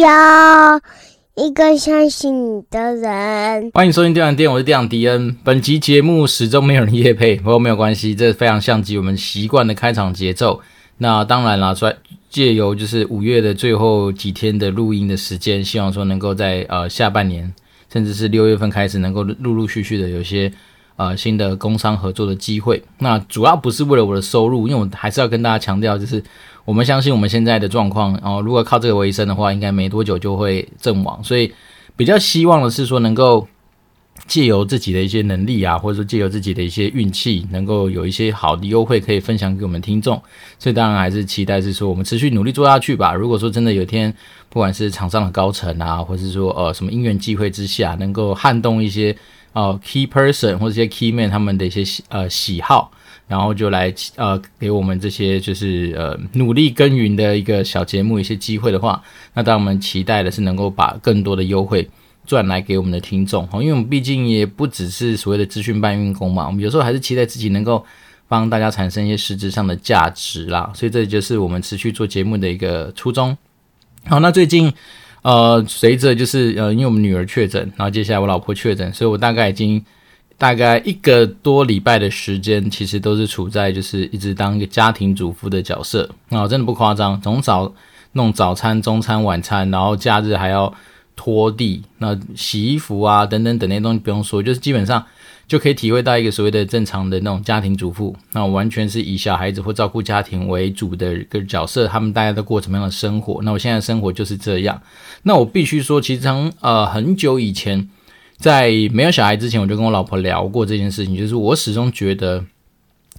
要一個相信你的人。歡迎收聽《電玩店》，我是電玩迪恩。本集節目始終沒有人業配，不過沒有關係，這非常像極我們習慣的開場節奏。那當然了，說借由就是五月的最後幾天的錄音的時間，希望說能夠在呃下半年，甚至是六月份開始，能夠陸陸續續的有些呃新的工商合作的機會。那主要不是為了我的收入，因為我還是要跟大家強調，就是。我們相信我們現在的狀況，然、哦、後如果靠這個為生的話，應該沒多久就會陣亡。所以比較希望的是說，能夠借由自己的一些能力啊，或者說借由自己的一些運氣，能夠有一些好的優惠可以分享給我們的聽眾。所以當然還是期待是說，我們持續努力做下去吧。如果說真的有一天，不管是廠商的高層啊，或是說呃什麼因緣際會之下，能夠撼動一些。哦，key person 或者一些 key man 他們的一些喜呃喜好，然後就來呃給我們這些就是呃努力耕耘的一個小節目一些機會的話，那當然我們期待的是能夠把更多的優惠賺來給我們的聽眾哦，因為我們畢竟也不只是所謂的資訊搬運工嘛，我們有時候還是期待自己能夠幫大家產生一些實質上的價值啦，所以這就是我們持續做節目的一個初衷。好，那最近。呃，隨着就是呃，因為我們女兒確診，然後接下來我老婆確診，所以我大概已經大概一個多禮拜的時間，其實都是處在就是一直當一個家庭主婦的角色啊，然後真的不誇張，從早弄早餐、中餐、晚餐，然後假日還要拖地、那洗衣服啊等等等那些東西不用說，就是基本上。就可以體會到一個所謂的正常的那種家庭主婦，那我完全是以小孩子或照顧家庭為主的一個角色，他們大家都過什麼樣的生活？那我現在生活就是這樣。那我必須說，其實從呃很久以前，在沒有小孩之前，我就跟我老婆聊過這件事情，就是我始終覺得，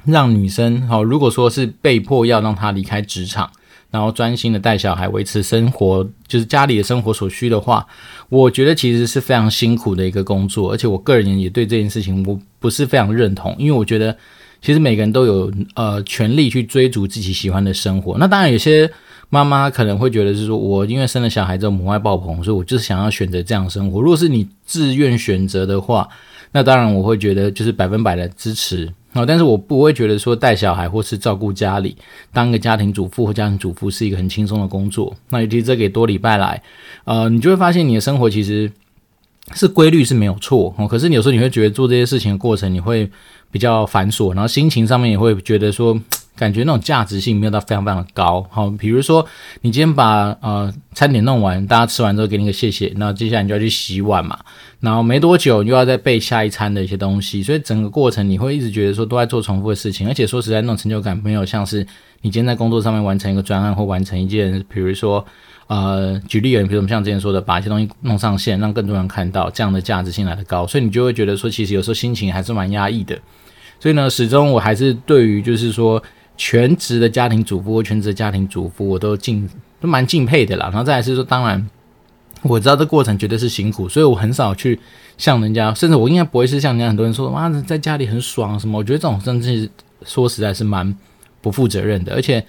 讓女生好，如果說是被迫要讓她離開職場。然後專心的帶小孩，維持生活，就是家裡的生活所需的話，我覺得其實是非常辛苦的一個工作。而且我個人也對這件事情我不是非常認同，因為我覺得其實每個人都有呃權利去追逐自己喜歡的生活。那當然，有些媽媽可能會覺得是說我因為生了小孩之後母愛爆棚，所以我就是想要選擇這樣生活。如果是你自願選擇的話，那當然，我會覺得就是百分百的支持啊，但是我不會覺得說，帶小孩或是照顧家裡，當個家庭主婦或家庭主婦是一個很輕鬆的工作。那尤其這給多禮拜來，呃，你就會發現你的生活其實是規律是沒有錯，可是你有時候你會覺得做這些事情的過程，你會比較繁瑣，然後心情上面也會覺得說。感覺那種價值性沒有到非常非常的高。好，比如說你今天把呃餐點弄完，大家吃完之後給你一個謝謝，那接下來你就要去洗碗嘛，然後沒多久你又要再備下一餐的一些東西，所以整個過程你會一直覺得說都在做重複的事情，而且說實在那種成就感沒有像是你今天在工作上面完成一個專案或完成一件，如呃、Gilead, 比如說呃，舉例而言，比如我們像之前說的把一些東西弄上線，讓更多人看到，這樣的價值性來得高，所以你就會覺得說其實有時候心情還是蠻壓抑的。所以呢，始終我還是對於就是說。全職的家庭主婦，全職的家庭主婦，我都敬都蠻敬佩的啦。然後再來是說，當然我知道這過程絕對是辛苦，所以我很少去向人家，甚至我應該不會是向人家很多人說：“哇，在家裡很爽什麼。”我覺得這種甚至說實在是蠻不負責任的。而且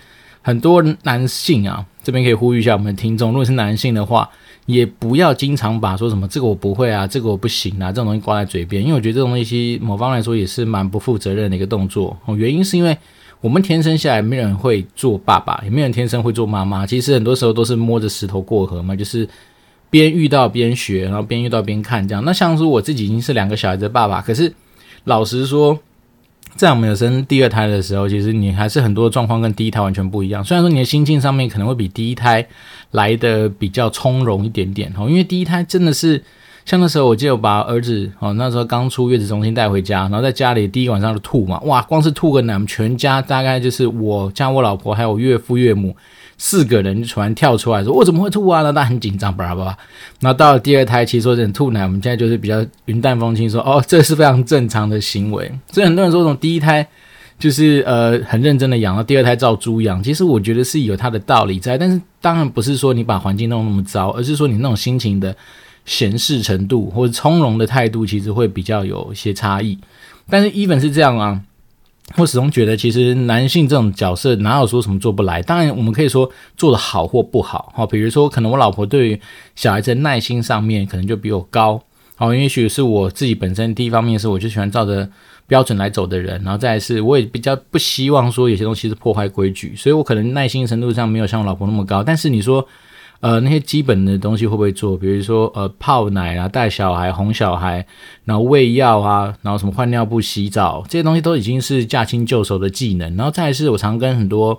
很多男性啊，這邊可以呼籲一下我們的聽眾，如果是男性的話，也不要經常把說什麼“這個我不會啊，這個我不行啊”這種東西掛在嘴邊，因為我覺得這種東西某方來說也是蠻不負責任的一個動作。哦，原因是因為。我們天生下來，沒人會做爸爸，也沒人天生會做媽媽。其實很多時候都是摸着石頭過河嘛，就是邊遇到邊學，然後邊遇到邊看這樣。那像是我自己已經是兩個小孩子的爸爸，可是老實說，在我們有生第二胎的時候，其實你還是很多狀況跟第一胎完全不一樣。雖然說你的心境上面可能會比第一胎來得比較從容一點點哦，因為第一胎真的是。像那時候，我記得我把我兒子哦，那時候剛出月子中心帶回家，然後在家裡第一個晚上就吐嘛，哇，光是吐個奶，我們全家大概就是我加我老婆還有我岳父岳母四個人就突然跳出來說：“我怎麼會吐啊？”那很緊張，巴拉巴拉。那到了第二胎，其實說這種吐奶，我們現在就是比較雲淡風輕，說：“哦，這是非常正常的行為。”所以很多人說，從第一胎就是呃很認真的養，到第二胎照豬養，其實我覺得是有它的道理在，但是當然不是說你把環境弄那麼糟，而是說你那種心情的。閒適程度或者從容的態度，其實會比較有一些差異。但是，一 n 是這樣啊，我始終覺得，其實男性這種角色，哪有說什麼做不來？當然，我們可以說做得好或不好。好，比如說，可能我老婆對於小孩子的耐心上面，可能就比我高。好，也許是我自己本身第一方面是，我就喜歡照着標準來走的人。然後再來是，我也比較不希望說有些東西是破壞規矩，所以我可能耐心程度上沒有像我老婆那麼高。但是你說。呃，那些基本的東西會不會做？比如說，呃，泡奶啊，帶小孩、哄小孩，然後餵藥啊，然後什麼換尿布、洗澡這些東西都已經是駕輕就熟的技能。然後再來是我常跟很多，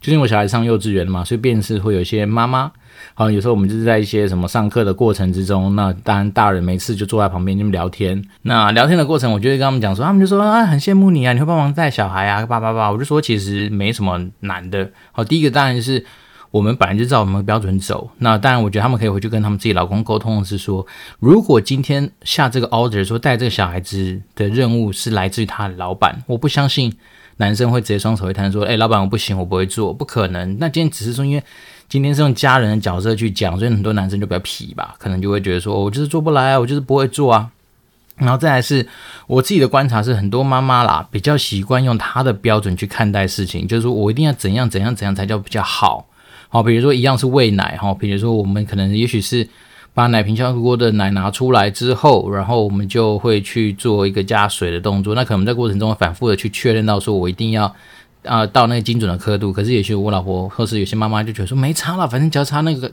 最、就是、因為我小孩上幼稚園嘛，所以便是會有一些媽媽。好、啊，有時候我們就是在一些什麼上課的過程之中，那當然大人沒事就坐在旁邊，那麼聊天。那聊天的過程，我就會跟他們講說，他們就說啊，很羨慕你啊，你會幫忙帶小孩啊，叭叭叭。我就說我其實沒什麼難的。好，第一個當然是。我們本來就照我們的標準走，那當然，我覺得他們可以回去跟他們自己老公溝通的，是說如果今天下這個 order，說帶這個小孩子的任務是來自於他的老闆，我不相信男生會直接雙手一攤說，哎、欸，老闆我不行，我不會做，不可能。那今天只是說，因為今天是用家人的角色去講，所以很多男生就比較皮吧，可能就會覺得說、哦、我就是做不來、啊，我就是不會做啊。然後再來是我自己的觀察是，很多媽媽啦比較習慣用她的標準去看待事情，就是說我一定要怎樣怎樣怎樣才叫比較好。好、哦，比如說一樣是餵奶哈、哦，比如說我們可能也許是把奶瓶消毒鍋的奶拿出來之後，然後我們就會去做一個加水的動作。那可能在過程中反覆的去確認到說，我一定要啊、呃、到那個精準的刻度。可是也許我老婆或是有些媽媽就覺得說，沒差了，反正只要差那個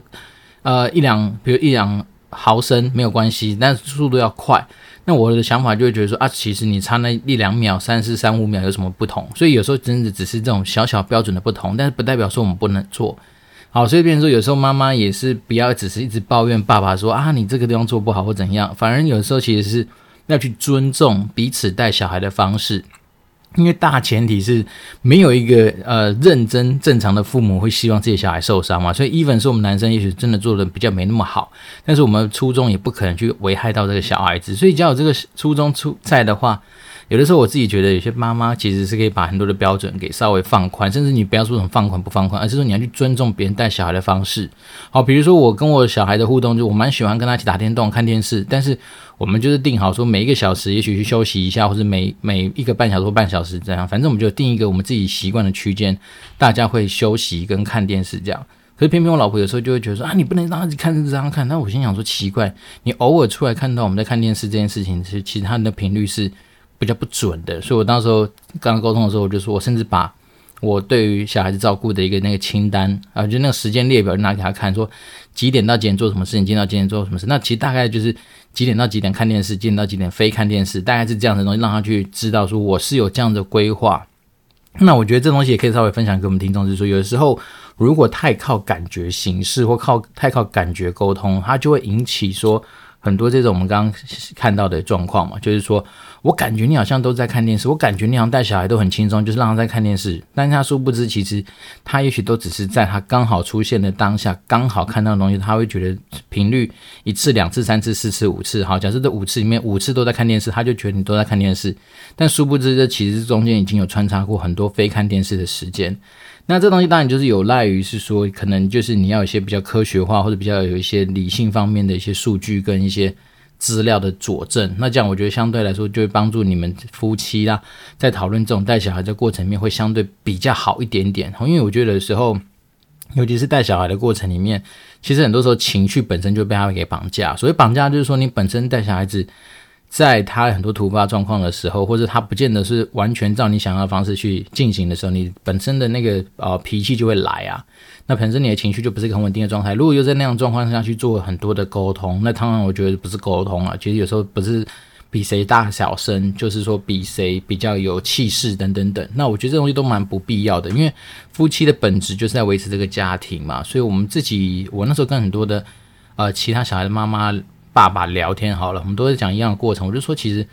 呃一兩，比如一兩毫升沒有關係，但是速度要快。那我的想法就會覺得說啊，其實你差那一兩秒、三四三五秒有什麼不同？所以有時候真的只是這種小小標準的不同，但是不代表說我們不能做。好，所以變成說，有時候媽媽也是不要只是一直抱怨爸爸說啊，你這個地方做不好或怎樣，反而有時候其實是要去尊重彼此帶小孩的方式，因為大前提是沒有一個呃認真正常的父母會希望自己小孩受傷嘛。所以，even 是我們男生，也許真的做的比較沒那麼好，但是我們初衷也不可能去危害到這個小孩子。所以，只要有這個初衷出在的話。有的時候我自己覺得，有些媽媽其實是可以把很多的標準給稍微放寬，甚至你不要說什麼放寬不放寬，而是說你要去尊重別人帶小孩的方式。好，比如說我跟我小孩的互動，就我蠻喜歡跟他一起打電動、看電視，但是我們就是定好說，每一個小時也許去休息一下，或是每每一個半小時或半小時這樣，反正我們就定一個我們自己習慣的區間，大家會休息跟看電視這樣。可是偏偏我老婆有時候就會覺得說啊，你不能讓他看，一直這樣看。那我心想說奇怪，你偶爾出來看到我們在看電視這件事情，是其實他的頻率是。比較不準的，所以我當時候剛剛溝通的時候，我就說我甚至把我對於小孩子照顧的一個那個清單啊，就那個時間列表，就拿給他看，說幾點到幾點做什麼事情，今天到幾點做什麼事。那其實大概就是幾點到幾點看電視，幾點到幾點非看電視，大概是這樣的東西，讓他去知道說我是有這樣的規劃。那我覺得這東西也可以稍微分享給我們聽眾，就是說，有的時候如果太靠感覺形式，或靠太靠感覺溝通，它就會引起說很多這種我們剛剛看到的狀況嘛，就是說。我感覺你好像都在看電視，我感覺你好像帶小孩都很輕鬆，就是讓他在看電視。但是他殊不知，其實他也許都只是在他剛好出現的當下，剛好看到的東西，他會覺得頻率一次、兩次、三次、四次、五次。好，假設這五次裡面五次都在看電視，他就覺得你都在看電視。但殊不知，這其實中間已經有穿插過很多非看電視的時間。那這東西當然就是有賴於是說，可能就是你要一些比較科學化或者比較有一些理性方面的一些數據跟一些。資料的佐證，那這樣我覺得相對來說就會幫助你們夫妻啊，在討論這種帶小孩的過程裡面會相對比較好一點點。因為我覺得有時候，尤其是帶小孩的過程裡面，其實很多時候情緒本身就被他們給綁架。所謂綁架，就是說你本身帶小孩子。在他很多突發狀況的時候，或者他不見得是完全照你想要的方式去進行的時候，你本身的那個呃脾氣就會來啊。那本身你的情緒就不是一個很穩定的狀態。如果又在那樣狀況下去做很多的溝通，那當然我覺得不是溝通啊。其實有時候不是比誰大小聲，就是說比誰比較有氣勢等等等。那我覺得這東西都蠻不必要的，因為夫妻的本質就是在維持這個家庭嘛。所以我們自己，我那時候跟很多的呃其他小孩的媽媽。爸爸聊天好了，我們都在講一樣的過程。我就說，其實，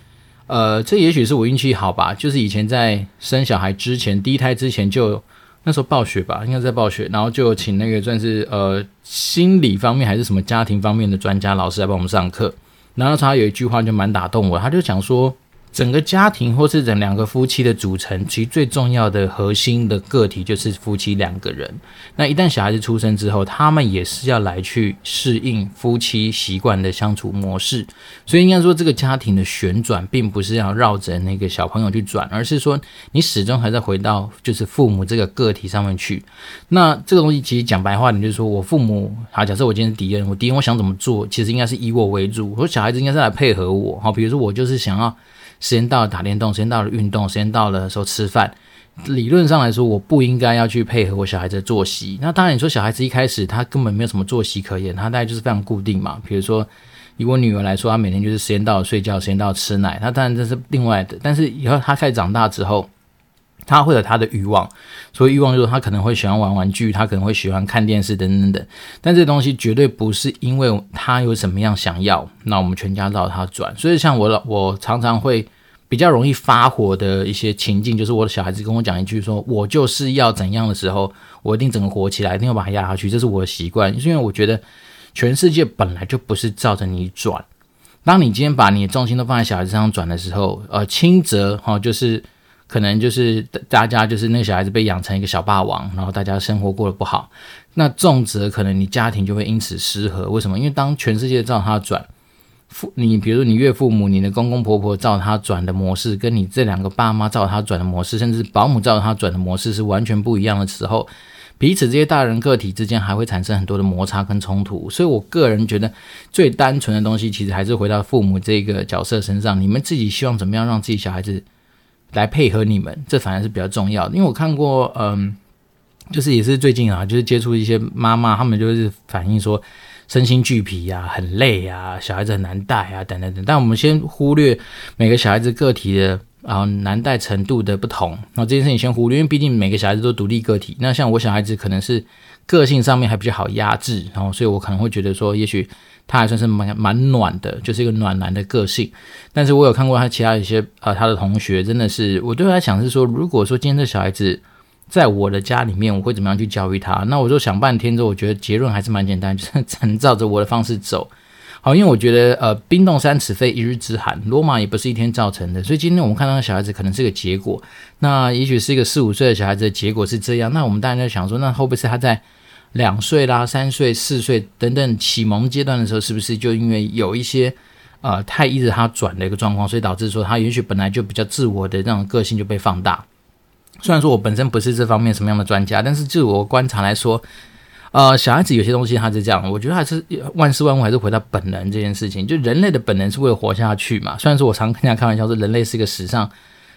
呃，這也許是我運氣好吧？就是以前在生小孩之前，第一胎之前就那時候暴雪吧，應該在暴雪，然後就請那個算是呃心理方面還是什麼家庭方面的專家老師來幫我們上課。然後他有一句話就蠻打動我，他就講說，整個家庭或是整兩個夫妻的組成，其實最重要的核心的個體就是夫妻兩個人。那一旦小孩子出生之後，他們也是要來去適應夫妻習慣的相處模式。所以應該說，這個家庭的旋轉並不是要繞着那個小朋友去轉，而是說你始終還在回到就是父母這個個體上面去。那這個東西其實講白話，你就是說我父母，好，假設我今天是敵人，我敵人我想怎麼做，其實應該是以我為主，我說小孩子應該是來配合我。好，比如說我就是想要。時間到了打電動，時間到了運動，時間到了時候吃飯。理論上來說，我不應該要去配合我小孩子的作息。那當然，你說小孩子一開始他根本沒有什麼作息可言，他大概就是非常固定嘛。比如說，以我女兒來說，她每天就是時間到了睡覺，時間到了吃奶。她當然這是另外的，但是以後她開始長大之後。他會有他的慾望，所以慾望就是他可能會喜歡玩玩具，他可能會喜歡看電視等等等。但這東西絕對不是因為他有什麼樣想要，那我們全家繞他轉。所以像我老我常常會比較容易發火的一些情境，就是我的小孩子跟我講一句說“我就是要怎樣的”時候，我一定整個火起來，一定要把他壓下去。這是我的習慣，就是、因為我覺得全世界本來就不是照着你轉。當你今天把你的重心都放在小孩子身上轉的時候，呃，輕則哈、哦、就是。可能就是大家就是那個小孩子被養成一個小霸王，然後大家生活過得不好，那重則可能你家庭就會因此失和。為什麼？因為當全世界照他轉，父你比如說你岳父母、你的公公婆婆照他轉的模式，跟你這兩個爸媽照他轉的模式，甚至保姆照他轉的模式是完全不一樣的時候，彼此這些大人個體之間還會產生很多的摩擦跟衝突。所以我個人覺得最單純的東西，其實還是回到父母這個角色身上。你們自己希望怎麼樣讓自己小孩子？來配合你們，這反而是比較重要的。因為我看過，嗯，就是也是最近啊，就是接觸一些媽媽，他們就是反映說身心俱疲啊，很累啊，小孩子很難帶啊，等等等等。但我們先忽略每個小孩子個體的啊難帶程度的不同，那這件事情先忽略，因為畢竟每個小孩子都獨立個體。那像我小孩子可能是個性上面還比較好壓制，然後所以我可能會覺得說，也許。他還算是蠻蠻暖的，就是一個暖男的個性。但是我有看過他其他一些呃，他的同學真的是，我就在想是說，如果說今天這小孩子在我的家裡面，我會怎麼樣去教育他？那我就想半天之後，我覺得結論還是蠻簡單，就是只能照着我的方式走。好，因為我覺得呃，冰凍三尺非一日之寒，羅馬也不是一天造成的。所以今天我們看到小孩子可能是個結果，那也許是一個四五歲的小孩子的結果是這樣。那我們大家在想說，那會不會是他在？兩歲啦，三歲、四歲等等啟蒙階段的時候，是不是就因為有一些，呃，太依着他轉的一個狀況，所以導致說他也許本來就比較自我的那種個性就被放大？雖然說我本身不是這方面什麼樣的專家，但是據我觀察來說，呃，小孩子有些東西他是這樣，我覺得還是萬事萬物還是回到本能這件事情，就人類的本能是為了活下去嘛。雖然說我常跟人家開玩笑說人類是一個時尚。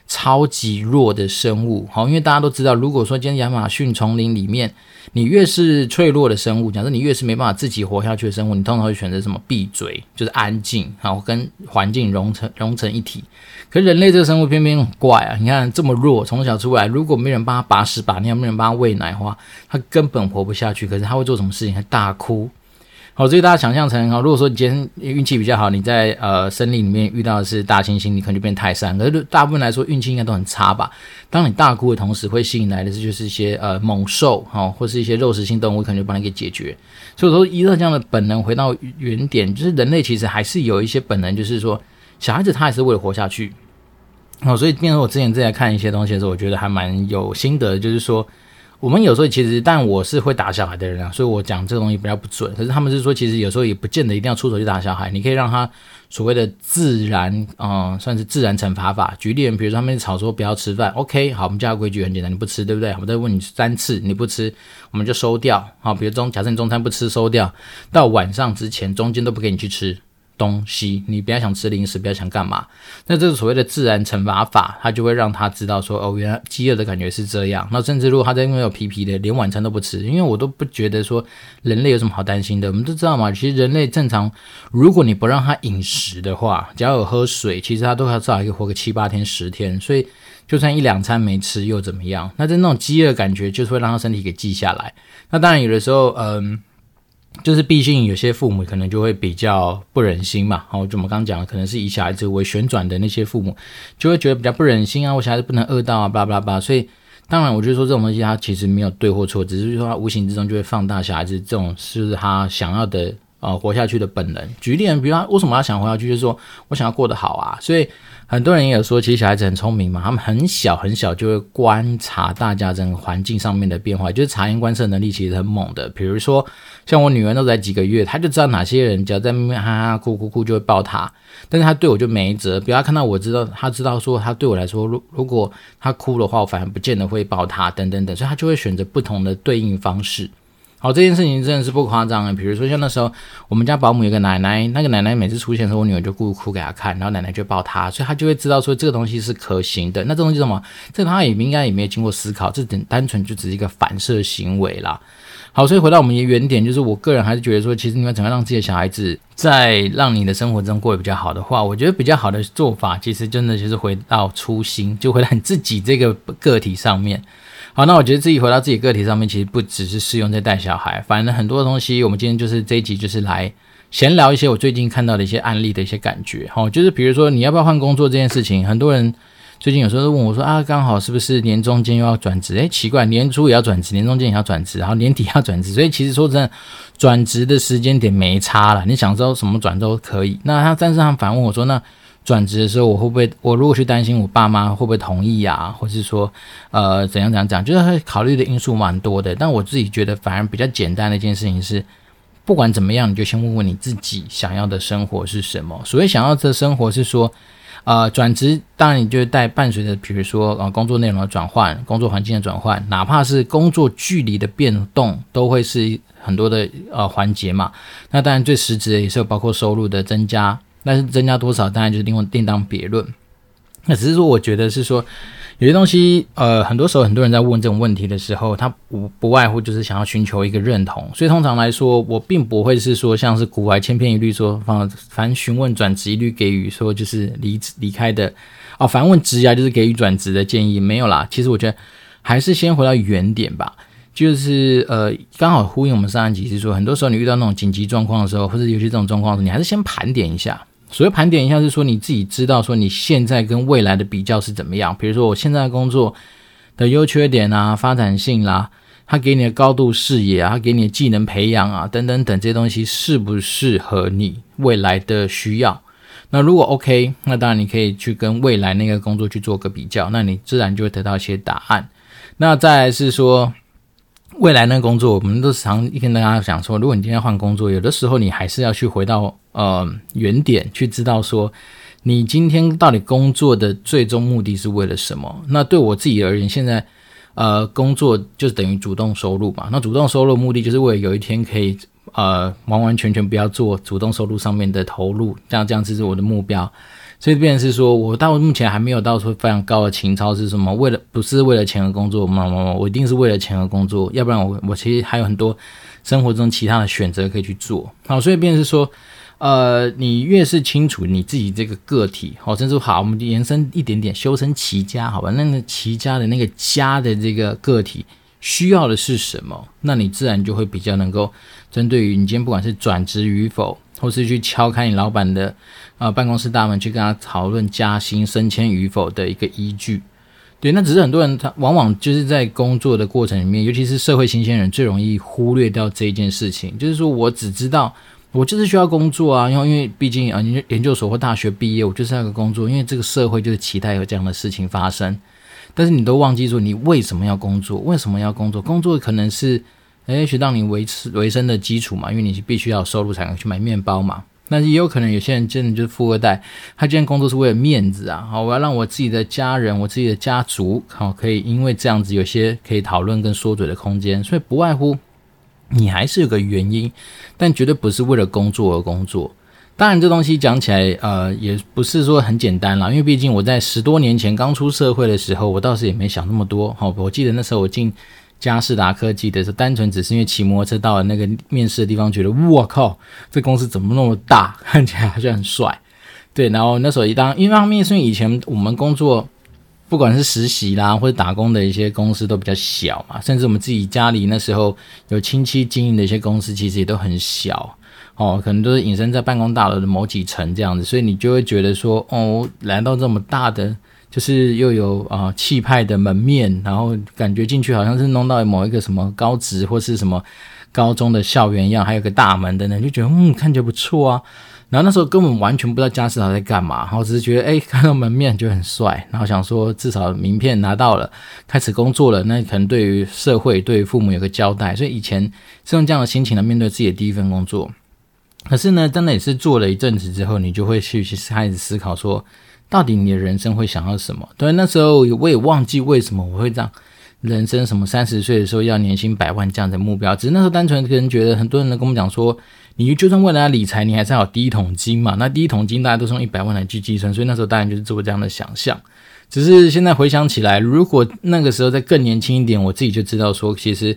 超級弱的生物，好，因為大家都知道，如果說今天亞馬遜叢林裡面，你越是脆弱的生物，假設你越是沒辦法自己活下去的生物，你通常會選擇什麼？閉嘴，就是安靜，然後跟環境融成融成一體。可是人類這個生物偏偏很怪啊，你看這麼弱，從小出來，如果沒人幫他把屎把尿，你要沒人幫他餵奶的話，他根本活不下去。可是他會做什麼事情？他大哭。好，所以大家想象成，如果說你今天運氣比較好，你在呃森林裡面遇到的是大猩猩，你可能就變泰山；可是大部分來說，運氣應該都很差吧。當你大哭的同時，會吸引來的是就是一些呃猛獸，哈、哦，或是一些肉食性動物，可能就把你給解決。所以說，依照這樣的本能回到原點，就是人類其實還是有一些本能，就是說小孩子他也是為了活下去。哦，所以變成我之前在看一些東西的時候，我覺得還蠻有心得的，就是說。我們有時候其實，但我是會打小孩的人啊，所以我講這個東西比較不準。可是他們是說，其實有時候也不見得一定要出手去打小孩，你可以讓他所謂的自然，嗯、呃，算是自然懲罰法。舉例，比如說他們吵說不要吃飯，OK，好，我們家規矩很簡單，你不吃對不對？我再問你三次，你不吃，我們就收掉。好，比如中，假設你中餐不吃收掉，到晚上之前中間都不給你去吃。東西，你不要想吃零食，不要想幹嘛。那這個所謂的自然懲罰法，他就會讓他知道說，哦，原來飢餓的感覺是這樣。那甚至如果他在那邊有皮皮的，連晚餐都不吃，因為我都不覺得說人類有什麼好擔心的。我們都知道嘛，其實人類正常，如果你不讓他飲食的話，只要有喝水，其實他都至少還可以活個七八天、十天。所以就算一兩餐沒吃又怎麼樣？那這那種飢餓的感覺就是會讓他身體給記下來。那當然有的時候，嗯、呃。就是，畢竟有些父母可能就會比較不忍心嘛，好，就我們剛剛講的，可能是以小孩子為旋轉的那些父母，就會覺得比較不忍心啊，我小孩子不能餓到啊，巴拉巴拉巴。所以，當然，我覺得說這種東西它其實沒有對或錯，只是說它無形之中就會放大小孩子這種就是他想要的啊，呃，活下去的本能。舉例，比如他為什麼他想要想活下去，就是說我想要過得好啊，所以。很多人也有說，其實小孩子很聰明嘛，他們很小很小就會觀察大家整個環境上面的變化，就是察言觀色能力其實很猛的。比如說，像我女兒都才幾個月，她就知道哪些人只要在那邊哈哈哭哭哭就會抱她，但是她對我就沒轍。比如她看到我知道，她知道說她對我來說，如如果她哭的話，我反而不見得會抱她等等等，所以她就會選擇不同的對應方式。好、哦，這件事情真的是不誇張的。比如說，像那時候我們家保姆有個奶奶，那個奶奶每次出現的時候，我女兒就故意哭給她看，然後奶奶就抱她，所以她就會知道說這個東西是可行的。那這東西是什麼？這個她也應該也沒有經過思考，這等單純就只是一個反射行為啦。好，所以回到我們的原點，就是我個人還是覺得說，其實你們怎麼讓自己的小孩子在讓你的生活中過得比較好的話，我覺得比較好的做法，其實真的就是回到初心，就回到你自己這個個體上面。好，那我覺得自己回到自己個體上面，其實不只是適用在帶小孩，反正很多東西，我們今天就是這一集就是來閒聊一些我最近看到的一些案例的一些感覺。好，就是比如說你要不要換工作這件事情，很多人最近有時候都問我說啊，剛好是不是年中間又要轉職？誒、欸，奇怪，年初也要轉職，年中間也要轉職，然後年底要轉職，所以其實說真的，轉職的時間點沒差了，你想知道什麼轉都可以。那他但是他反問我說那。轉職的時候，我會不會？我如果去擔心我爸媽會不會同意呀、啊？或是說，呃，怎樣怎樣怎樣，就是他考慮的因素蠻多的。但我自己覺得，反而比較簡單的一件事情是，不管怎麼樣，你就先問問你自己想要的生活是什麼。所謂想要的生活，是說，呃，轉職當然你就是帶伴隨着，比如說呃，工作內容的轉換、工作環境的轉換，哪怕是工作距離的變動，都會是很多的呃環節嘛。那當然最實質的也是有包括收入的增加。但是增加多少，當然就是另外另當別論。那只是說，我覺得是說，有些東西，呃，很多時候很多人在問這種問題的時候，他不不外乎就是想要尋求一個認同。所以通常來說，我並不會是說像是古來千篇一律說，放凡詢問轉職一律給予說就是離離開的哦，凡問職涯就是給予轉職的建議沒有啦。其實我覺得還是先回到原點吧，就是呃，剛好呼應我們上一集是說，很多時候你遇到那種緊急狀況的時候，或者尤其這種狀況的時候，你還是先盤點一下。所謂盤點一下，是說你自己知道說你現在跟未來的比較是怎麼樣。比如說我現在的工作的優缺點啊、發展性啦、啊、它給你的高度視野啊、它給你的技能培養啊等等等這些東西適不適合你未來的需要？那如果 OK，那當然你可以去跟未來那個工作去做個比較，那你自然就會得到一些答案。那再來是說。未來那個工作，我們都常跟大家講說，如果你今天換工作，有的時候你還是要去回到呃原點，去知道說你今天到底工作的最終目的是為了什麼。那對我自己而言，現在呃工作就是等於主動收入吧。那主動收入的目的就是為了有一天可以。呃，完完全全不要做主動收入上面的投入，這樣這樣子是我的目標。所以變成是說我到目前還沒有到說非常高的情操，是什麼？為了不是為了錢而工作，嘛嘛嘛，我一定是為了錢而工作，要不然我我其實還有很多生活中其他的選擇可以去做。好，所以變成是說，呃，你越是清楚你自己這個個體，好、哦，甚至好，我們就延伸一點點修身齊家，好吧？那個齊家的那個家的這個個體。需要的是什麼？那你自然就會比較能夠針對於你今天不管是轉職與否，或是去敲開你老闆的啊、呃、辦公室大門，去跟他討論加薪、升遷與否的一個依據。對，那只是很多人他往往就是在工作的過程裡面，尤其是社會新鮮人最容易忽略掉這一件事情，就是說我只知道我就是需要工作啊，因為因為畢竟啊，研究所或大學畢業，我就是要個工作，因為這個社會就是期待有這樣的事情發生。但是你都忘記說，你為什麼要工作？為什麼要工作？工作可能是，誒去讓你維持維生的基礎嘛，因為你必須要收入才能去買麵包嘛。但是也有可能有些人真的就是富二代，他今天工作是為了面子啊！好，我要讓我自己的家人、我自己的家族好，可以因為這樣子有些可以討論跟說嘴的空間。所以不外乎你還是有個原因，但絕對不是為了工作而工作。當然，這東西講起來，呃，也不是說很簡單啦。因為畢竟我在十多年前剛出社會的時候，我倒是也沒想那麼多。好、哦，我記得那時候我進佳世達科技的時候，單純只是因為騎摩托車到了那個面試的地方，覺得我靠，這公司怎麼那麼大，看起來好像很帥。對，然後那時候一當，因為那面試以前我們工作，不管是實習啦或者打工的一些公司都比較小嘛，甚至我們自己家裡那時候有親戚經營的一些公司，其實也都很小。哦，可能都是隱身在辦公大樓的某幾層這樣子，所以你就會覺得說，哦，來到這麼大的，就是又有啊、呃、氣派的門面，然後感覺進去好像是弄到某一個什麼高職或是什麼高中的校園一樣，還有個大門的，等等，就覺得嗯，感覺不錯啊。然後那時候根本完全不知道家是好在幹嘛，然後我只是覺得誒、哎，看到門面就很帥，然後想說至少名片拿到了，開始工作了，那可能對於社會對於父母有個交代，所以以前是用這樣的心情來面對自己的第一份工作。可是呢，真的也是做了一陣子之後，你就會去開始思考說，到底你的人生會想要什麼？對，那時候我也忘記為什麼我會這樣人生什麼三十歲的時候要年薪百萬這樣的目標，只是那時候單純跟人覺得，很多人跟我們講說，你就算為了理財，你還是要有第一桶金嘛。那第一桶金大家都用一百萬來去計算，所以那時候當然就是做這樣的想象。只是現在回想起來，如果那個時候再更年輕一點，我自己就知道說，其實。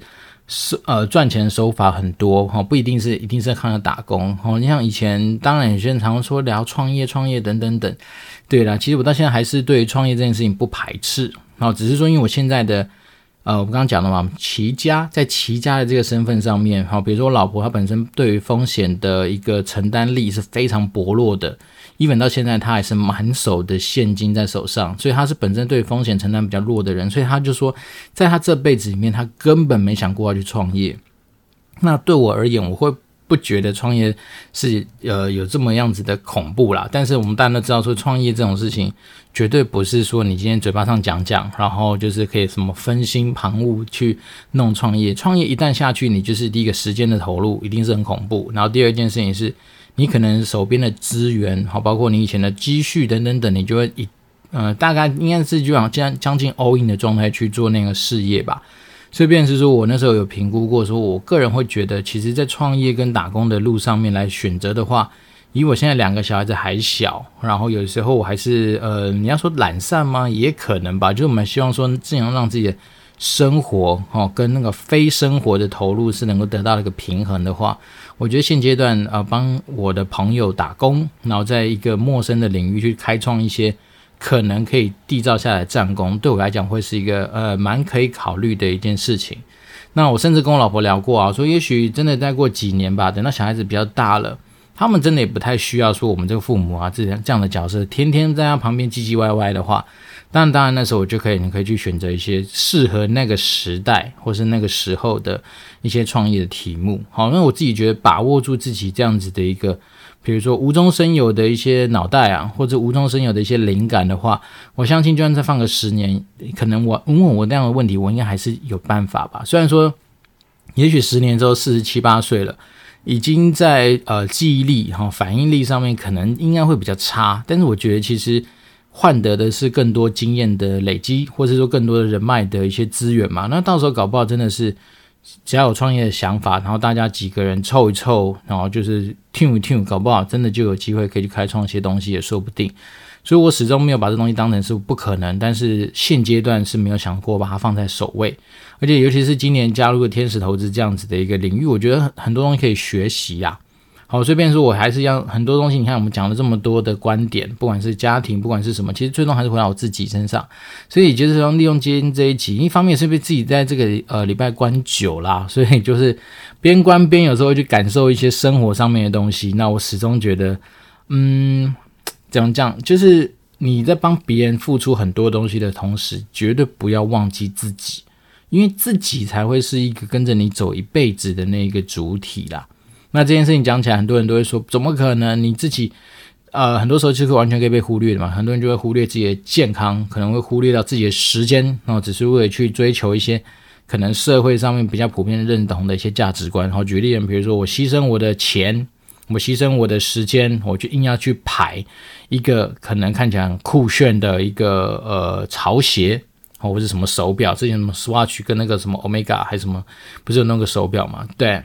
是呃，賺錢手法很多哈，不一定是，一定是在看他打工哈。你像以前，當然有些人常說聊創業、創業等等等。對啦，其實我到現在還是對於創業這件事情不排斥，好，只是說因為我現在的呃，我剛剛講了嘛，齊家在齊家的這個身份上面，哈，比如說我老婆她本身對於風險的一個承擔力是非常薄弱的。Even 到現在，他還是滿手的現金在手上，所以他是本身對風險承擔比較弱的人，所以他就說，在他這輩子裡面，他根本沒想過要去創業。那對我而言，我會不覺得創業是呃有這麼樣子的恐怖啦。但是我們大家都知道，說創業這種事情，絕對不是說你今天嘴巴上講講，然後就是可以什麼分心旁騖去弄創業。創業一旦下去，你就是第一個時間的投入一定是很恐怖，然後第二件事情是。你可能手邊的資源，好包括你以前的積蓄等等等，你就會一呃大概應該是就像將將近 all in 的狀態去做那個事業吧。所以便是說，我那時候有評估過，說我個人會覺得，其實，在創業跟打工的路上面來選擇的話，以我現在兩個小孩子還小，然後有時候我還是呃，你要說懶散嗎？也可能吧。就是我們希望說，盡量讓自己的生活哦，跟那個非生活的投入是能夠得到一個平衡的話。我覺得現階段啊，呃，幫我的朋友打工，然後在一個陌生的領域去開創一些可能可以締造下來戰功，對我來講會是一個呃蠻可以考慮的一件事情。那我甚至跟我老婆聊過啊，說也許真的再過幾年吧，等到小孩子比較大了，他們真的也不太需要說我們這個父母啊，這樣這樣的角色，天天在他旁邊唧唧歪歪的話。那當然，當然那時候我就可以，你可以去選擇一些適合那個時代或是那個時候的一些創業的題目。好，那我自己覺得把握住自己這樣子的一個，比如說無中生有的一些腦袋啊，或者無中生有的一些靈感的話，我相信，就算再放個十年，可能我問我那樣的問題，我應該還是有辦法吧。雖然說，也許十年之後四十七八歲了，已經在呃記憶力哈、哦、反應力上面可能應該會比較差，但是我覺得其實。換得的是更多經驗的累積，或是說更多的人脈的一些資源嘛。那到時候搞不好真的是只要有創業的想法，然後大家幾個人湊一湊，然後就是 team 一 team，搞不好真的就有機會可以去開創一些東西也說不定。所以我始終沒有把這東西當成是不可能，但是現階段是沒有想過把它放在首位。而且尤其是今年加入了天使投資這樣子的一個領域，我覺得很很多東西可以學習呀、啊。好，隨便說，我還是一樣很多東西。你看，我們講了這麼多的觀點，不管是家庭，不管是什麼，其實最終還是回到我自己身上。所以，就是說，利用今天這一集，一方面是被自己在這個呃禮拜關久了，所以就是邊關邊有時候去感受一些生活上面的東西。那我始終覺得，嗯，怎麼講，就是你在幫別人付出很多東西的同時，絕對不要忘記自己，因為自己才會是一個跟着你走一輩子的那一個主體啦。那這件事情講起來，很多人都會說，怎麼可能？你自己，呃，很多時候就是完全可以被忽略的嘛。很多人就會忽略自己的健康，可能會忽略到自己的時間，然後只是為了去追求一些可能社會上面比較普遍認同的一些價值觀。然後舉例人，比如說我犧牲我的錢，我犧牲我的時間，我就硬要去排一個可能看起來很酷炫的一個呃潮鞋，哦，或者什麼手錶，之前什麼 Swatch 跟那個什麼 Omega 還是什麼，不是有那個手錶嘛？對。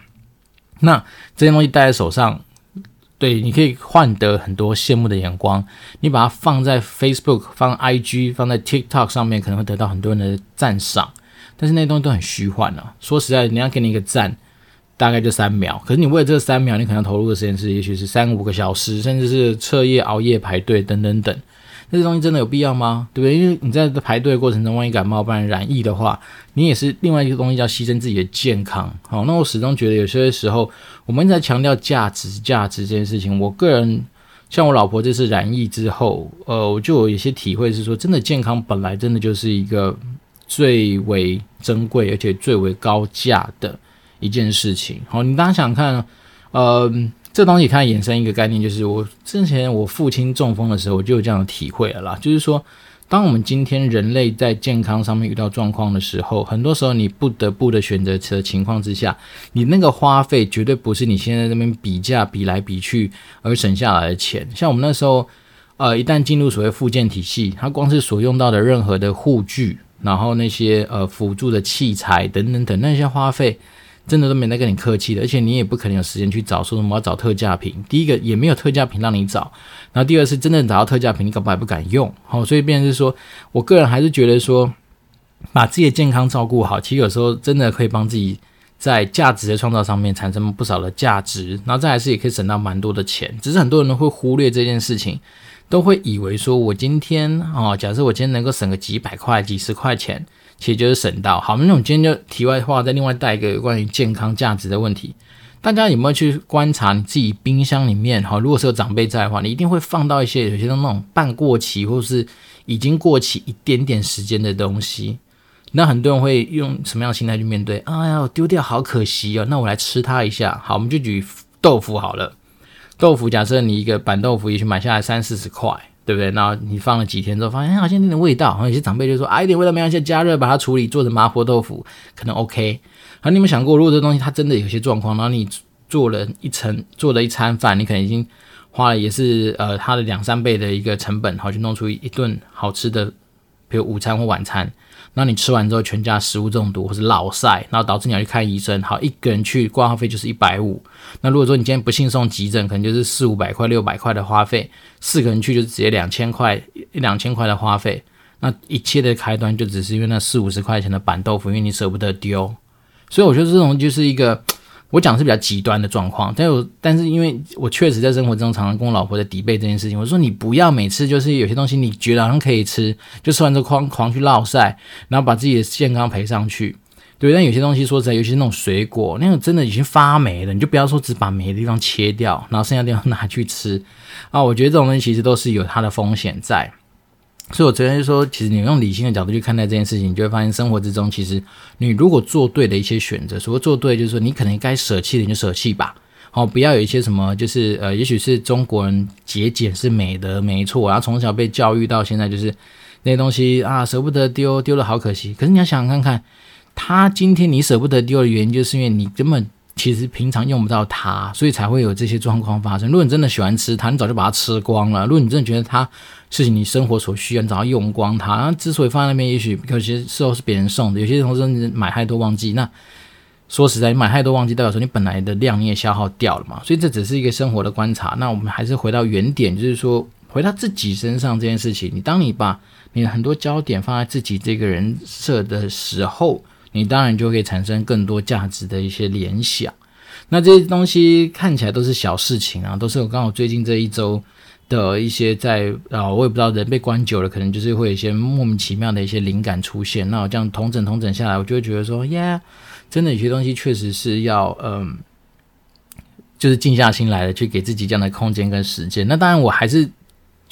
那這些東西戴在手上，對，你可以換得很多羨慕的眼光。你把它放在 Facebook、放 IG、放在 TikTok 上面，可能會得到很多人的讚賞。但是那些東西都很虛幻了啊。說實在的，人家給你一個讚，大概就三秒。可是你為了這三秒，你可能要投入的時間是，也許是三五個小時，甚至是徹夜熬夜排隊等等等。這些東西真的有必要嗎？對不對？因為你在排隊的過程中，萬一感冒、不然染疫的話，你也是另外一個東西，叫犧牲自己的健康。好，那我始終覺得有些時候我們一直在強調價值、價值這件事情。我個人像我老婆這次染疫之後，呃，我就有一些體會，是說真的，健康本來真的就是一個最為珍貴而且最為高價的一件事情。好，你大家想看，呃。這東西，你看，衍生一個概念，就是我之前我父親中風的時候，我就有這樣的體會了啦。就是說，當我們今天人類在健康上面遇到狀況的時候，很多時候你不得不的選擇的情況之下，你那個花費絕對不是你現在這邊比價比來比去而省下來的錢。像我們那時候，呃，一旦進入所謂復健體系，它光是所用到的任何的護具，然後那些呃輔助的器材等等等那些花費。真的都沒在跟你客氣的，而且你也不可能有時間去找說什麼要找特價品。第一個也沒有特價品讓你找，然後第二是真正找到特價品，你根本不，不敢用。好、哦，所以變成是說我個人還是覺得說，把自己的健康照顧好，其實有時候真的可以幫自己在價值的創造上面產生不少的價值，然後再來是也可以省到蠻多的錢。只是很多人都會忽略這件事情，都會以為說我今天啊、哦，假設我今天能夠省個幾百塊、幾十塊錢。其實就是省道。好，那我們今天就題外話，再另外帶一個關於健康價值的問題。大家有沒有去觀察你自己冰箱裡面？好，如果是有長輩在的話，你一定會放到一些有些那種半過期或是已經過期一點點時間的東西。那很多人會用什麼樣的心態去面對？哎呀，丟掉好可惜哦。那我來吃它一下。好，我們就舉豆腐好了。豆腐，假設你一個板豆腐，也許買下來三四十塊。對不對？然後你放了幾天之後，發現、哎、好像有點味道。然後有些長輩就說：“啊，一點味道沒關係，加熱把它處理，做成麻婆豆腐，可能 OK。”好，你有沒有想過，如果這東西它真的有些狀況，然後你做了一層，做了一餐飯，你可能已經花了也是呃它的兩三倍的一個成本，好去弄出一頓好吃的，比如午餐或晚餐。那你吃完之後全家食物中毒或是老曬，然後導致你要去看醫生。好，一個人去掛號費就是一百五。那如果說你今天不幸送急診，可能就是四五百塊、六百塊的花費。四個人去就直接兩千塊、一兩千塊的花費。那一切的開端就只是因為那四五十塊錢的板豆腐，因為你捨不得丟。所以我覺得這種就是一個。我講的是比較極端的狀況，但我但是因為我確實在生活中常常跟我老婆在 debate 這件事情。我說你不要每次就是有些東西你覺得好像可以吃，就吃完之後狂狂去落曬，然後把自己的健康賠上去，對。但有些東西說實在，尤其是那種水果，那個真的已經發霉了，你就不要說只把霉的地方切掉，然後剩下的地方拿去吃啊。我覺得這種東西其實都是有它的風險在。所以，我昨天就說，其實你用理性的角度去看待這件事情，你就會發現，生活之中其實你如果做對的一些選擇，所謂做對，就是說你可能該捨棄的你就捨棄吧，好、哦，不要有一些什麼，就是呃，也許是中國人節儉是美德，沒錯，然後從小被教育到現在，就是那些東西啊，捨不得丟，丟了好可惜。可是你要想看看，他今天你捨不得丟的原因，就是因為你根本。其實平常用不到它，所以才會有這些狀況發生。如果你真的喜歡吃它，你早就把它吃光了；如果你真的覺得它是你生活所需，你早就用光它。那之所以放在那邊，也許有些時候是別人送的，有些時候是你買太多忘記。那說實在，你買太多忘記，代表說你本來的量你也消耗掉了嘛。所以這只是一個生活的觀察。那我們還是回到原點，就是說回到自己身上這件事情。你當你把你的很多焦點放在自己這個人設的時候。你當然就可以產生更多價值的一些聯想，那這些東西看起來都是小事情啊，都是我剛好最近這一周的一些在啊，哦，我也不知道人被關久了，可能就是會有一些莫名其妙的一些靈感出現。那我這樣統整統整下來，我就會覺得說，耶，yeah，真的有些東西確實是要嗯，就是靜下心來的去給自己這樣的空間跟時間。那當然，我還是。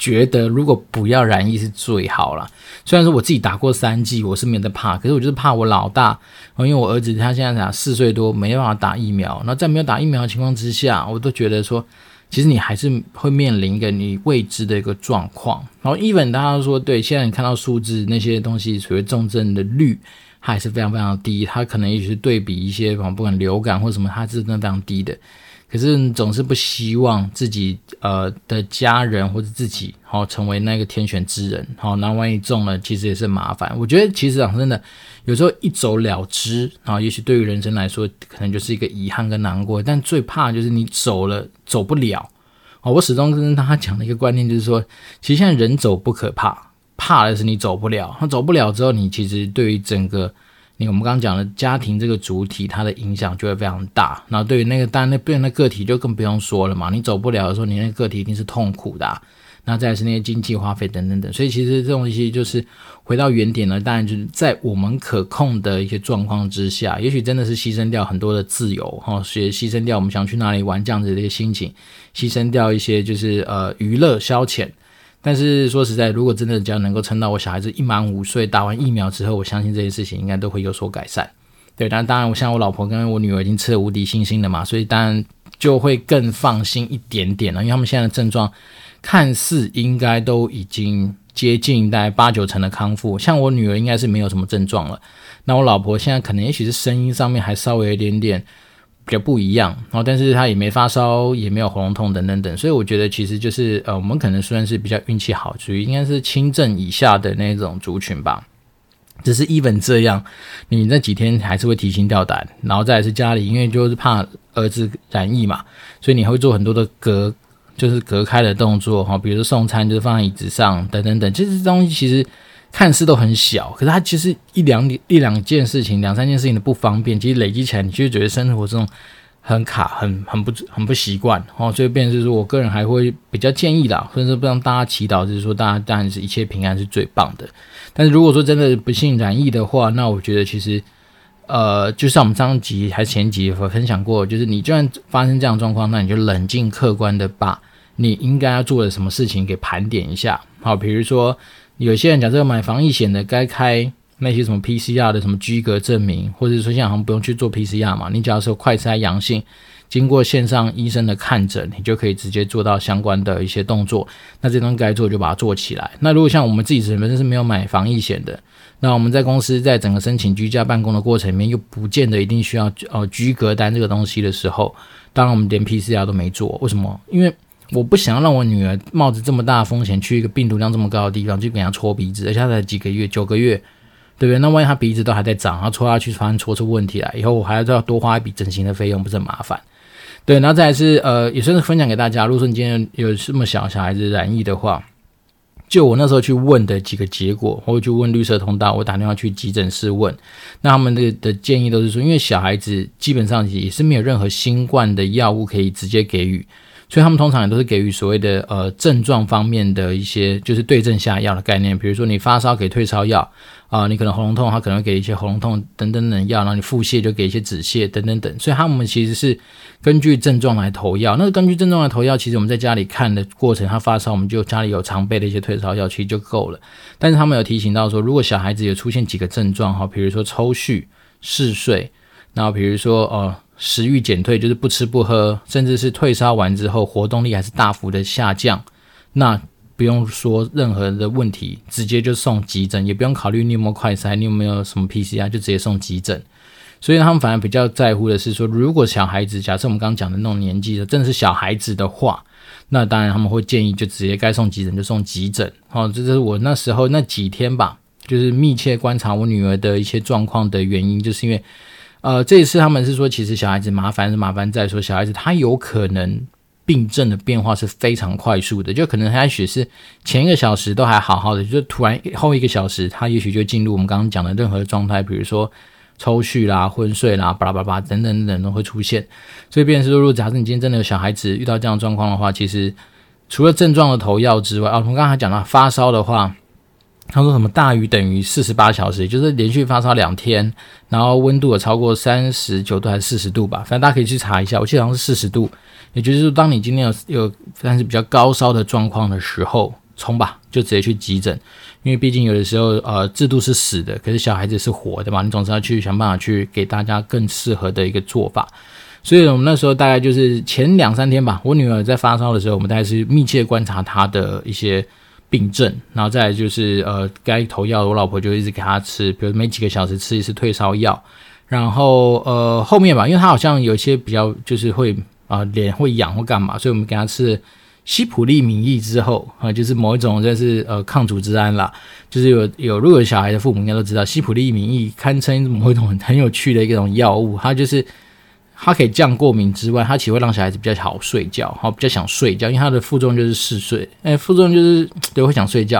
覺得如果不要染疫是最好了。雖然說我自己打過三劑，我是免得怕，可是我就是怕我老大。嗯、因為我兒子他現在才四歲多，沒辦法打疫苗。那在沒有打疫苗的情況之下，我都覺得說，其實你還是會面臨一個你未知的一個狀況。然後 even，大家都說對，現在你看到數字那些東西，所謂重症的率，它還是非常非常低。它可能也許是對比一些，不管流感或什麼，它是非常低的。可是你總是不希望自己呃的家人或者自己好成為那個天選之人好。那萬一中了，其實也是麻煩。我覺得其實講真的，有時候一走了之啊，也許對於人生來說，可能就是一個遺憾跟難過。但最怕就是你走了走不了啊。我始終跟他講的一個觀念就是說，其實現在人走不可怕，怕的是你走不了。那走不了之後，你其實對於整個，因為我們剛剛講的家庭這個主體，它的影響就會非常大。那對於那個，當然那別人的個體就更不用說了嘛。你走不了的時候，你那個個體一定是痛苦的啊。那再來是那些經濟花費等等等。所以其實這種東西就是回到原點呢。當然就是在我們可控的一些狀況之下，也許真的是犧牲掉很多的自由哈，所以犧牲掉我們想去哪裡玩這樣子的一個心情，犧牲掉一些就是呃娛樂消遣。但是說實在，如果真的只要能夠撐到我小孩子一滿五歲打完疫苗之後，我相信這些事情應該都會有所改善。對，但當然，我像我老婆跟我女兒已經吃了無敵星星了嘛，所以當然就會更放心一點點了。因為他們現在的症狀，看似應該都已經接近大概八九成的康復。像我女兒應該是沒有什麼症狀了，那我老婆現在可能也許是聲音上面還稍微有一點點。就不一樣，然後、哦、但是他也沒發燒，也沒有喉嚨痛等等等，所以我覺得其實就是呃，我們可能算是比較運氣好，屬於應該是輕症以下的那種族群吧。只是一本這樣，你那幾天還是會提心吊膽，然後再來是家裡，因為就是怕兒子染疫嘛，所以你會做很多的隔，就是隔開的動作哈、哦，比如說送餐就是放在椅子上，等等等，其、就、實、是、這東西其實。看似都很小，可是它其實一兩點、一兩件事情、兩三件事情的不方便，其實累積起來，你其實覺得生活中很卡、很很不、很不習慣。哦。所以變成就是，我個人還會比較建議的，甚至不讓大家祈禱，就是說大家當然是一切平安是最棒的。但是如果說真的不幸染疫的話，那我覺得其實呃，就像我們上集還是前集有分享過，就是你就算發生這樣的狀況，那你就冷靜客觀的把你應該要做的什麼事情給盤點一下。好，比如說。有些人講這個買防疫險的該開那些什麼 PCR 的什麼居隔證明，或者說現在好像不用去做 PCR 嘛。你假如說快篩陽性，經過線上醫生的看診，你就可以直接做到相關的一些動作。那這東西該做就把它做起來。那如果像我們自己本身是沒有買防疫險的，那我們在公司在整個申請居家辦公的過程裡面，又不見得一定需要呃居隔單這個東西的時候，當然我們連 PCR 都沒做，為什麼？因為我不想要讓我女兒冒着這麼大的風險去一個病毒量這麼高的地方去給人家戳鼻子，而且他才幾個月九個月，對不對？那萬一他鼻子都還在長，然後戳下去反而戳出問題來，以後我還要多花一筆整形的費用，不是很麻煩？對，然後再來是呃，也算是分享給大家，如果說你今天有這麼小小孩子染疫的話，就我那時候去問的幾個結果，或者去問綠色通道，我打電話去急診室問，那他們的的建議都是說，因為小孩子基本上也是沒有任何新冠的藥物可以直接給予。所以他們通常也都是給予所謂的呃症狀方面的一些，就是對症下藥的概念。比如說你發燒，給退燒藥啊；你可能喉嚨痛，他可能會給一些喉嚨痛等等等藥。然後你腹瀉，就給一些止瀉等等等。所以他們其實是根據症狀來投藥。那根據症狀來投藥，其實我們在家裡看的過程，他發燒，我們就家裡有常備的一些退燒藥，其實就夠了。但是他們有提醒到說，如果小孩子有出現幾個症狀哈，比如說抽搐、嗜睡，然後比如說哦。呃食欲減退就是不吃不喝，甚至是退燒完之後活動力還是大幅的下降，那不用說任何的問題，直接就送急診，也不用考慮你有沒有快篩，你有沒有什麼 PCR，就直接送急診。所以他們反而比較在乎的是說，如果小孩子，假設我們剛剛講的那種年紀的，正是小孩子的話，那當然他們會建議就直接該送急診就送急診。好、哦，這、就是我那時候那幾天吧，就是密切觀察我女兒的一些狀況的原因，就是因為。呃，這一次他們是說，其實小孩子麻煩是麻煩在說，小孩子他有可能病症的變化是非常快速的，就可能他也許是前一個小時都還好好的，就突然後一個小時他也許就進入我們剛剛講的任何狀態，比如說抽搐啦、昏睡啦、巴拉巴拉等等等等都會出現。所以，變成是說，如果假設你今天真的有小孩子遇到這樣的狀況的話，其實除了症狀的投藥之外，啊，我們剛才講到發燒的話。他說什麼大於等於四十八小時，也就是連續發燒兩天，然後溫度有超過三十九度還是四十度吧，反正大家可以去查一下。我記得好像是四十度，也就是說當你今天有有算是比較高燒的狀況的時候，衝吧，就直接去急診，因為畢竟有的時候呃制度是死的，可是小孩子是活的嘛，你總是要去想辦法去給大家更適合的一個做法。所以我們那時候大概就是前兩三天吧，我女兒在發燒的時候，我們大概是密切觀察她的一些。病症，然後再就是呃，該投藥，我老婆就一直給他吃，比如每幾個小時吃一次退燒藥，然後呃後面吧，因為他好像有一些比較就是會啊、呃、臉會癢或幹嘛，所以我們給他吃西普利敏益之後啊、呃，就是某一種這是呃抗組織胺啦。就是有有如果有小孩的父母應該都知道，西普利敏益堪稱某一種很很有趣的一個種藥物，它就是。它可以降過敏之外，它其實會讓小孩子比較好睡覺，好比較想睡覺，因為它的副作用就是嗜睡，誒、哎，副作用就是都會想睡覺。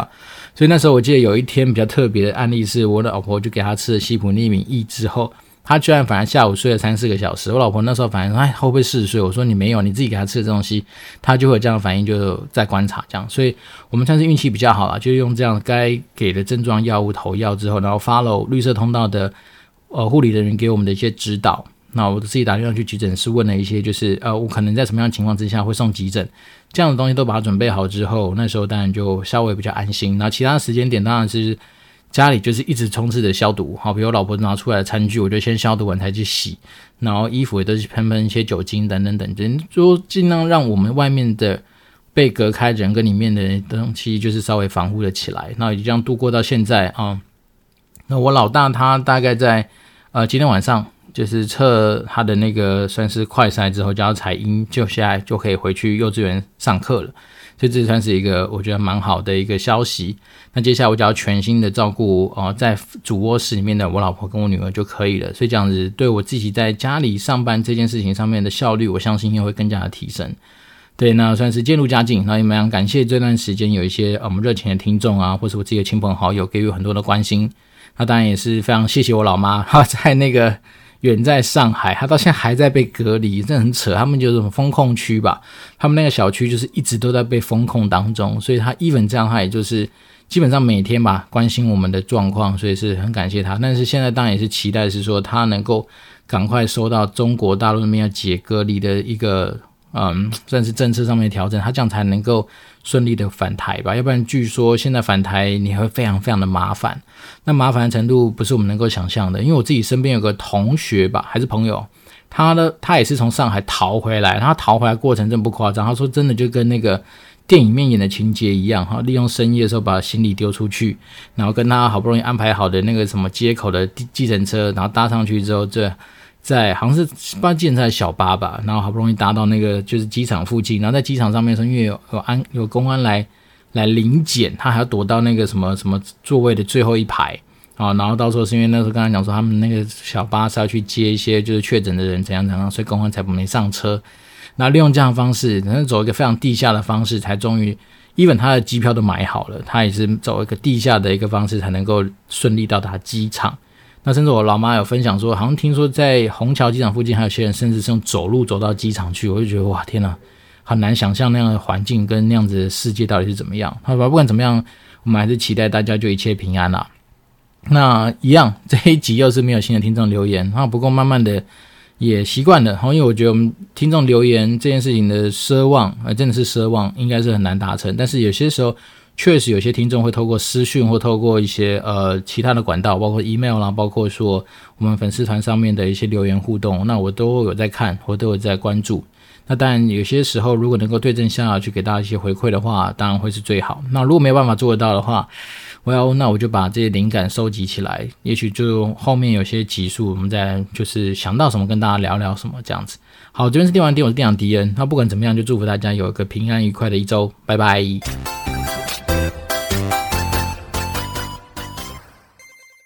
所以那時候我記得有一天比較特別的案例是，我的老婆就給他吃了西普利敏液之後，他居然反而下午睡了三四個小時。我老婆那時候反而哎會不會嗜睡？我說你沒有，你自己給他吃的這東西，他就會有這樣的反應，就在觀察這樣。所以我們算是運氣比較好啦，就用這樣該給的症狀藥物投藥之後，然後 follow 綠色通道的呃護理人員給我們的一些指導。那我自己打電話去急診室問了一些，就是呃，我可能在什麼樣的情況之下會送急診，這樣的東西都把它準備好之後，那時候當然就稍微比較安心。那其他時間點當然是家裡就是一直充斥着消毒，好，比如我老婆拿出來的餐具，我就先消毒完才去洗，然後衣服也都是噴噴一些酒精等等等等，就盡量讓我們外面的被隔開的人跟裡面的東西就是稍微防護了起來。那就這樣度過到現在啊、嗯。那我老大他大概在呃今天晚上。就是測他的那個算是快篩之後，只要採陰，就下來就可以回去幼稚園上課了，所以這算是一個我覺得蠻好的一個消息。那接下來我只要全心的照顧哦，在主臥室裡面的我老婆跟我女兒就可以了。所以這樣子對我自己在家裡上班這件事情上面的效率，我相信又會更加的提升。對，那算是漸入佳境。那也非常感謝這段時間有一些我們熱情的聽眾啊，或是我自己的親朋好友給予很多的關心。那當然也是非常謝謝我老媽她在那個。遠在上海，他到現在還在被隔離，這很扯。他們就是封控區吧，他們那個小區就是一直都在被封控當中，所以他 even 這樣，他也就是基本上每天吧，關心我們的狀況，所以是很感謝他。但是現在當然也是期待的是說他能夠趕快收到中國大陸那邊要解隔離的一個嗯，算是政策上面調整，他這樣才能夠。順利的返台吧，要不然據說現在返台你還會非常非常的麻煩。那麻煩的程度不是我們能夠想象的，因為我自己身邊有個同學吧，還是朋友，他的他也是從上海逃回來，他逃回來過程真不誇張，他說真的就跟那個電影面演的情節一樣，哈，利用深夜的時候把行李丟出去，然後跟他好不容易安排好的那個什麼街口的計程車，然後搭上去之後這。在好像是八建在小巴吧，然後好不容易搭到那個就是機場附近，然後在機場上面時因為有有安有公安來來臨檢，他還要躲到那個什麼什麼座位的最後一排啊、哦，然後到時候是因為那時候剛才講說他們那個小巴是要去接一些就是確診的人怎樣怎樣，所以公安才沒上車。那利用這樣的方式，然後走一個非常地下的方式，才終於 even 他的機票都買好了，他也是走一個地下的一個方式，才能夠順利到達機場。那甚至我老媽有分享說，好像聽說在虹橋機場附近還有些人，甚至是用走路走到機場去。我就覺得哇，天哪，很難想象那樣的環境跟那樣子的世界到底是怎麼樣。好吧，不管怎麼樣，我們還是期待大家就一切平安啦啊。那一樣，這一集又是沒有新的聽眾留言啊。不過慢慢的也習慣了，然後因為我覺得我們聽眾留言這件事情的奢望啊，真的是奢望，應該是很難達成。但是有些時候。確實有些聽眾會透過私訊或透過一些呃其他的管道，包括 email 啦、啊，包括說我們粉絲團上面的一些留言互動，那我都有在看，我都有在關注。那當然有些時候，如果能夠對症下藥去給大家一些回饋的話，當然會是最好。那如果沒有辦法做得到的話，well，那我就把這些靈感收集起來，也許就後面有些集數我們再就是想到什麼跟大家聊聊什麼這樣子。好，這邊是電玩店，我是電玩迪恩。那不管怎麼樣，就祝福大家有一個平安愉快的一週，拜拜。